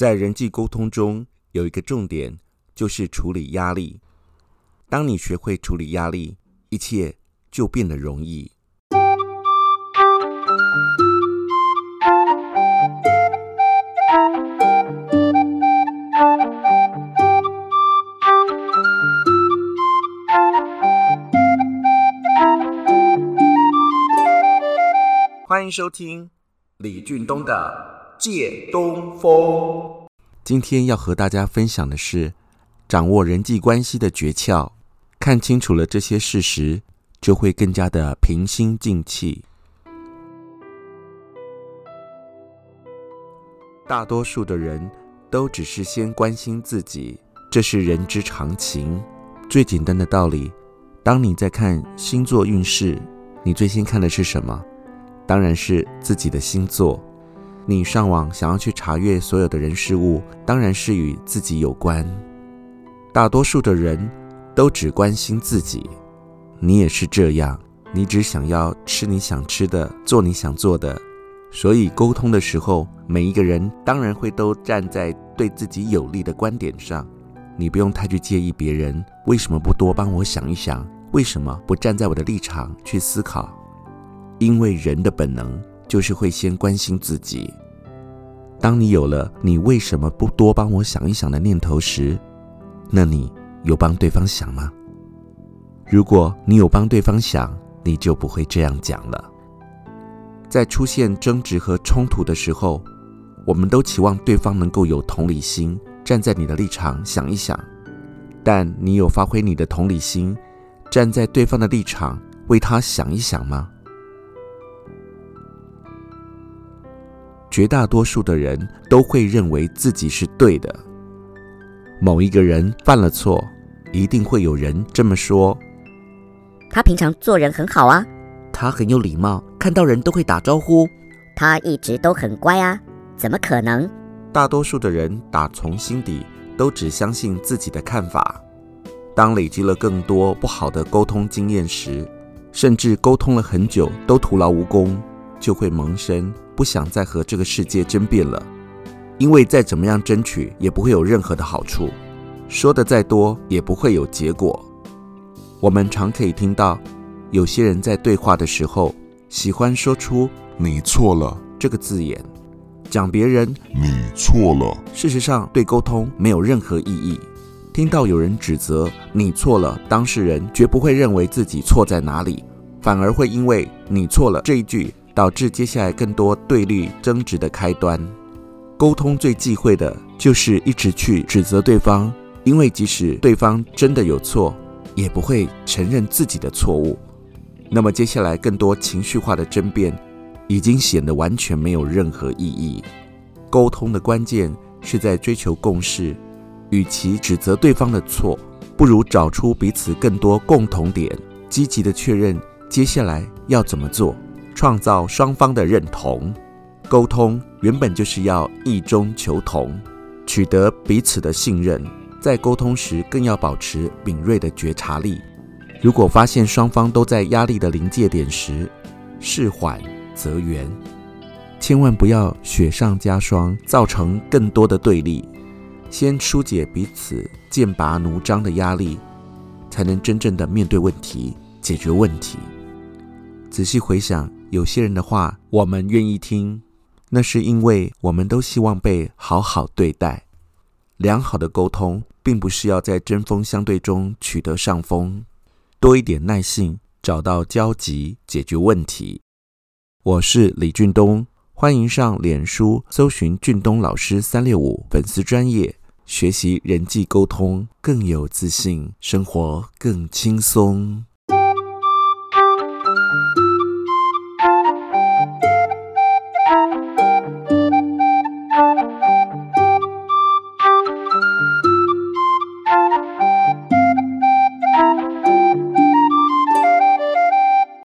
在人際溝通中，有一個重點，就是處理壓力。當你學會處理壓力，一切就變得容易。歡迎收聽李俊東的。借東風。今天要和大家分享的是掌握人際關係的訣竅。看清楚了這些事實，就會更加的平心靜氣。大多數的人都只是先關心自己，這是人之常情。最簡單的道理，當你在看星座運勢，你最先看的是什麼？當然是自己的星座。你上網想要去查閱所有的人事物，當然是與自己有關。大多數的人都只關心自己，你也是這樣。你只想要吃你想吃的，做你想做的。所以溝通的時候，每一個人當然會都站在對自己有利的觀點上。你不用太去介意別人為什麼不多幫我想一想，為什麼不站在我的立場去思考？因為人的本能就是會先關心自己。當你有了「你為什麼不多幫我想一想」的念頭時，那你有幫對方想嗎？如果你有幫對方想，你就不會這樣講了。在出現爭執和衝突的時候，我們都期望對方能夠有同理心，站在你的立場想一想。但你有發揮你的同理心，站在對方的立場為他想一想嗎？絕大多數的人都會認為自己是對的。某一個人犯了錯，一定會有人這麼說。他平常做人很好啊，他很有禮貌，看到人都會打招呼。他一直都很乖啊，怎麼可能？大多數的人打從心底都只相信自己的看法。當累積了更多不好的溝通經驗時，甚至溝通了很久都徒勞無功。就會萌生不想再和這個世界爭辯了，因為再怎麼樣爭取也不會有任何的好處，說得再多也不會有結果。我們常可以聽到有些人在對話的時候喜歡說出“你錯了”這個字眼，講別人“你錯了”，事實上對溝通沒有任何意義。聽到有人指責“你錯了”，當事人絕不會認為自己錯在哪裡，反而會因為“你錯了”這一句。導致接下來更多對立爭執的開端。溝通最忌諱的就是一直去指責對方，因為即使對方真的有錯，也不會承認自己的錯誤。那麼接下來更多情緒化的爭辯，已經顯得完全沒有任何意義。溝通的關鍵是在追求共識，與其指責對方的錯，不如找出彼此更多共同點，積極地確認接下來要怎麼做。創造雙方的認同，溝通原本就是要異中求同，取得彼此的信任。在溝通時，更要保持敏銳的覺察力。如果發現雙方都在壓力的臨界點時，事緩則圓，千萬不要雪上加霜，造成更多的對立。先疏解彼此劍拔弩張的壓力，才能真正的面對問題，解決問題。仔細回想。有些人的話，我們願意聽，那是因為我們都希望被好好對待。良好的溝通，並不是要在針鋒相對中取得上風，多一點耐性，找到交集，解決問題。我是李俊東，歡迎上臉書搜尋“俊東老師三六五”，粉絲專頁學習人際溝通，更有自信，生活更輕鬆。